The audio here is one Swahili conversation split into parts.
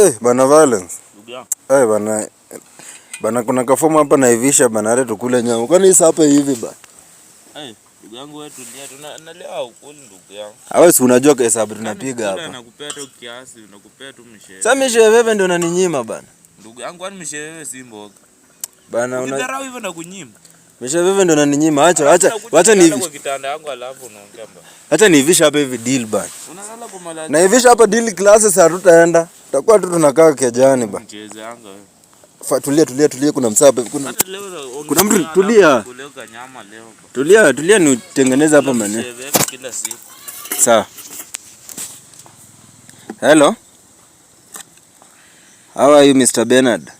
Eh, bana Valence. Ndugu yangu. Eh, bana bana kuna kafomu hapa naivisha bana hata tukule nyama. Kwani hapa hivi bana? Eh, ndugu yangu wewe tulia tu. Naelewa ukuli ndugu yangu. Hawe si unajua kwa hesabu tunapiga hapa. Nakupea tu kiasi, nakupea tu mshele. Sasa mshele wewe ndio unaninyima bana. Ndugu yangu kwani mshele wewe si mboga. Bana una Nidharau hivyo na kunyima. Mshele wewe ndio unaninyima. Acha acha acha ni hivi. Kitanda yangu alafu unaongea bana. Acha niivisha hapa hivi deal bana. Unalala kwa malali. Naivisha hapa deal classes hatutaenda. Takuwa tu tunakaa kejani ba. Tulia tulia tulia, kuna msapa kuna kuna mtu tulia. Tulia tulia, ni utengeneza hapa maneno. Sawa. Hello. How are you Mr. Bernard?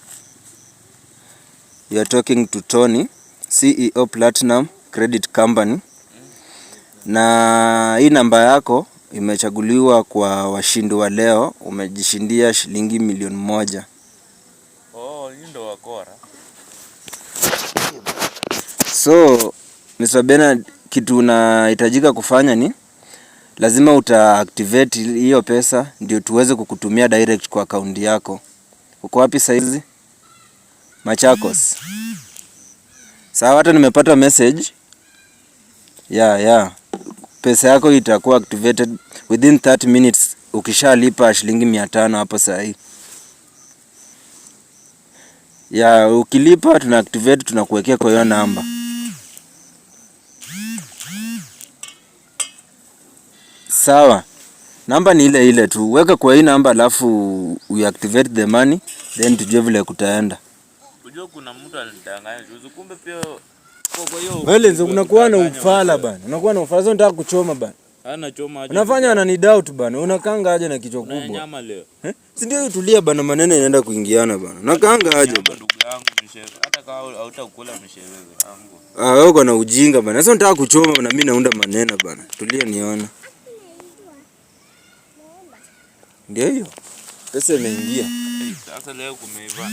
You are talking to Tony, CEO Platinum Credit Company. Na hii namba yako Imechaguliwa kwa washindi wa leo, umejishindia shilingi milioni moja. Oh, hii ndo wakora. So, Mr. Bernard, kitu unahitajika kufanya ni lazima utaactivate hiyo pesa ndio tuweze kukutumia direct kwa akaunti yako. Uko wapi saizi? Machakos. Sawa, hata nimepata message. Yeah, yeah pesa yako itakuwa activated within 30 minutes ukishalipa shilingi miatano hapo saa hii ya ukilipa tuna activate tunakuwekea kwa hiyo namba sawa. Namba ni ile ile tu, weka kwa hii namba alafu we activate the money then tujue vile kutaenda. Unajua kuna mtu alinidanganya juzi, kumbe pia wewe nzo unakuwa na ufala bana. Unakuwa na ufala, sasa nataka kuchoma bana. Ana choma aje. Unafanya anani doubt bana. Unakanga aje na kichwa kubwa. Na nyama leo. Eh? Si ndio utulia bana, maneno yanaenda kuingiana bana. Unakanga aje bana. Ndugu yangu mshewe. Hata kama hautakula mshewe wangu. Ah, wewe uko na ujinga bana. Sasa nataka kuchoma na mimi naunda maneno bana. Tulia niona. Ndio hiyo. Pesa imeingia. Sasa leo kumeiva.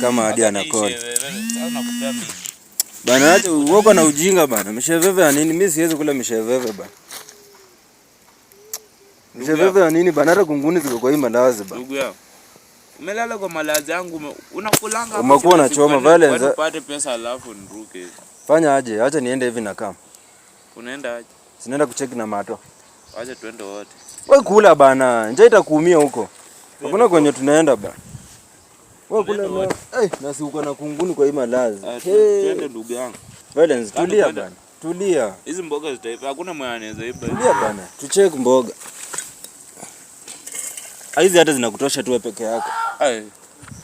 Kama hadi anakona. Sasa nakupea mimi. Bana acha uoga na ujinga bana. Misheveve ya nini? Mimi siwezi kula misheveve bana. Misheveve ya nini bana? Hata kunguni ziko kwa hii malazi bana. Ndugu yao. Umelala kwa malazi yangu unakulanga. Umekuwa unachoma vale za. Upate pesa alafu nruke. Fanya aje? Acha niende hivi na kama. Unaenda aje? Sinaenda kucheki na mato. Acha tuende wote. Wewe kula bana. Njaa itakuumia huko. Hakuna kwenye tunaenda bana nasiuka na kunguni kwa hii malazi. Eh, Twende ndugu yangu. Violence, tulia bana. Tulia. Hizi mboga zitaiva. Hakuna anaweza iba. Tulia bana. mboga. Ah, hizi hata zinakutosha tu peke yako.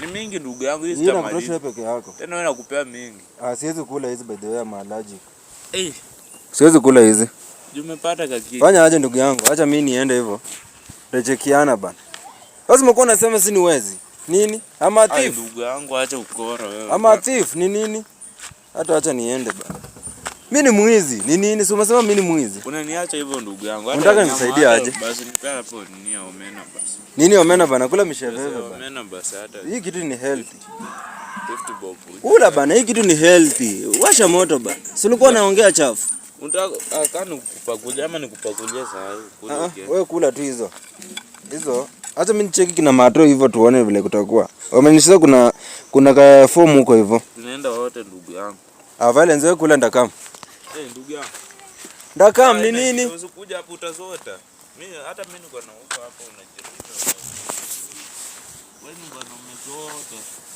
Ni mingi ndugu yangu hizi Zinakutosha peke yako. Tena wewe nakupea mingi. Ah, siwezi kula hizi by the way, I'm allergic. Eh. Siwezi kula hizi. Jumepata kaki. Fanya aje ndugu yangu. Acha mimi niende hivyo. Rejekiana bana. Lazima uko unasema siniwezi. Nini? Ama thief. Ndugu yangu acha ukora wewe. Ama thief ni nini? Hata acha niende bana. Mimi ni mwizi. Ni nini? Si umesema mimi ni mwizi. Unaniacha hivyo ndugu yangu. Hata Unataka nisaidie aje? Basi nikaa hapo nini omena basi. Nini omena bana? Kula misheveve bana. Omena basi hata. Hii kitu ni healthy. Ula bana, hii kitu ni healthy. Washa moto bana. Si ulikuwa unaongea chafu. Unataka ah, kanu kupakulia ama nikupakulia saa hii? Ah, ah. Wewe kula tu hizo. Hizo Acha mimi cheki kina matro hivyo tuone vile kutakuwa. Wamenisema kuna kuna ka form huko hivyo. Tunaenda wote ndugu yangu. Ah, vile nzee kula ndakam. Eh, hey, ndugu yangu. Ndakam ni nini? Unaweza kuja hapo utazota. Mimi hata mimi niko na huko hapo unajirita. Wewe ni bwana unamezota.